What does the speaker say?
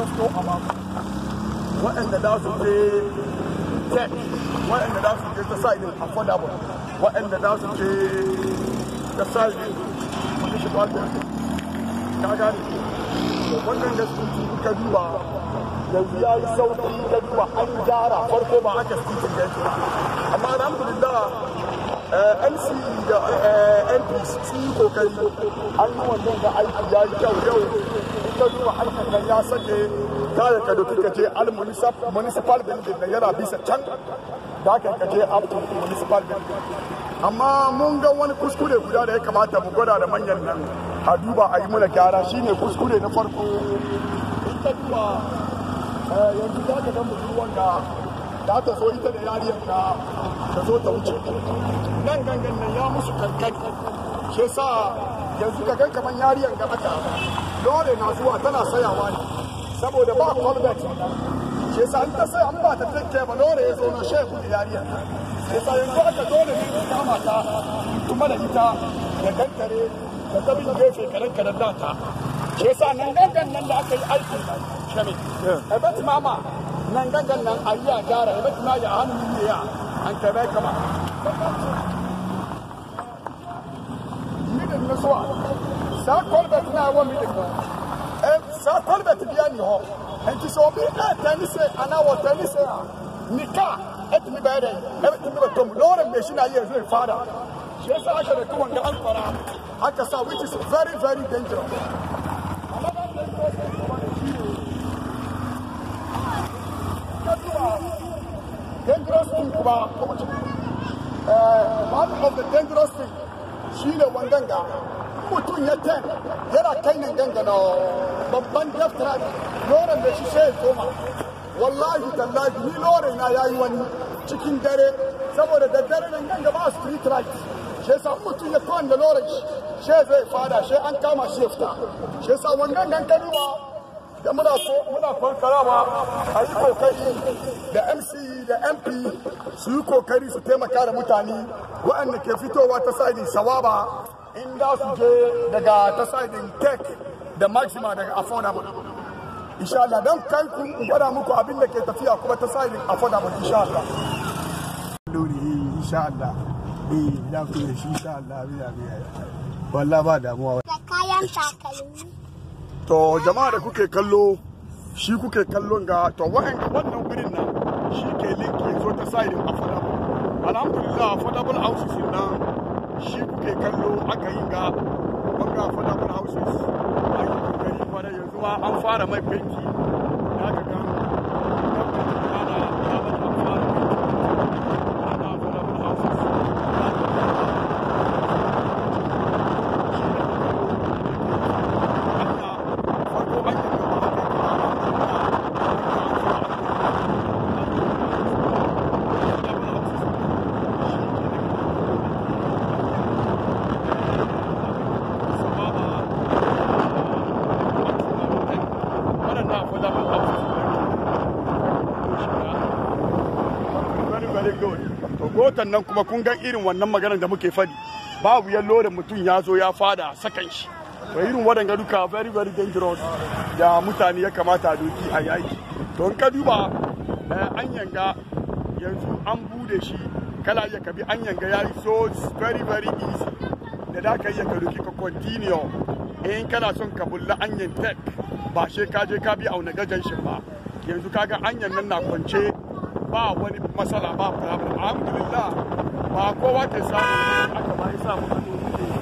tasko a mako waɗanda za su je tech waɗanda da su je ta sa'idin affordable waɗanda za su je ta sa'idin wannan gaskiya ka duba yanzu ya yi sauƙi ka duba an gyara farko ba amma alhamdulillah Eh, mc da eh, mp su yi kokari an yi wannan da aiki ya yi kyau yau in ka zuwa aikin nan ya sake kayan ka doki ka je al municipal building na yana bisa can da aka ka je up to municipal building amma mun ga wani kuskure guda da ya kamata mu gwada da manyan nan a duba a yi mana gyara shine kuskure na farko in ka duba eh, yanzu za ka ga mutum wanda da ta zo ita da yariyar ta ta zo ta wuce nan gangan nan ya musu kankan shi sa yanzu ka gan kaman yariyar ga aka lore na zuwa tana sayawa ne saboda ba kwalbet shi sa an ta sai an ba ta take ba lore ya zo na shi kudi yariyar shi sa yanzu aka dole ne ta kama ta kuma da ita da kankare da tabin gefe karen karen ta. shi sa nan gangan nan da aka yi aikin a bat mama nan gangan nan a yi a gyara ya bata maji a hannun ne an tabai kama midin na sa kolbet na awon midin sa kolbet biya ni hɔ nti sɛ obi a tani se anaa wɔ tani se a nika ɛtumi bɛyɛ dɛ ɛtumi bɛ tom lɔɔre mbɛsi na yɛ ɛfiri fada yɛ sɛ ahyɛ dɛ kuma nga alfara akasa which is very very dangerous dangerous thing kuma kuma one eh, of the dangerous thing shine wanganga mutum ya ten yana kai nan gangana babban daftara loren da shi sai ya koma wallahi tallahi ni loren na yayi wani cikin dare saboda da dare nan ganga ba street light shi yasa mutum ya kwan da loren shi zai fada shi an kama shi ya fita shi yasa wangan gan kanuwa da muna so muna a yi kokari da mc da mp su yi kokari su taimaka da mutane waɗanda ke fitowa ta sadin sawaba inda su je daga ta sadin tech da maxima daga affordable insha Allah don kai kun gwada muku abin da ke tafiya kuma ta sadin affordable insha Allah insha Allah eh da ku shi insha Allah biya biya wallahi ba damuwa da kayan takalmi to jama'a da kuke kallo shi kuke kallon ga to wannan wurin nan shi ke linki zo ta side affordable alhamdulillah affordable houses na shi kuke kallo aka yi ga wanga affordable houses a yi yi fara yanzu an fara mai fenki rahoton nan kuma kun ga irin wannan maganar da muke fadi babu ya lore mutum ya zo ya fada sakan shi to irin waɗanga duka very very dangerous da mutane ya kamata doki a yaki to in ka duba eh, an yanga yanzu an bude shi kala ya kabi bi an yanga ya yi so very very easy da da ka yi ka doki ka continue in kana son ka bulla anyan tech ba she ka je ka bi auna gajan shi ba yanzu kaga anyan nan na kwance ba wani matsala ba problem alhamdulillah ba kowa ke samu aka ba ya samu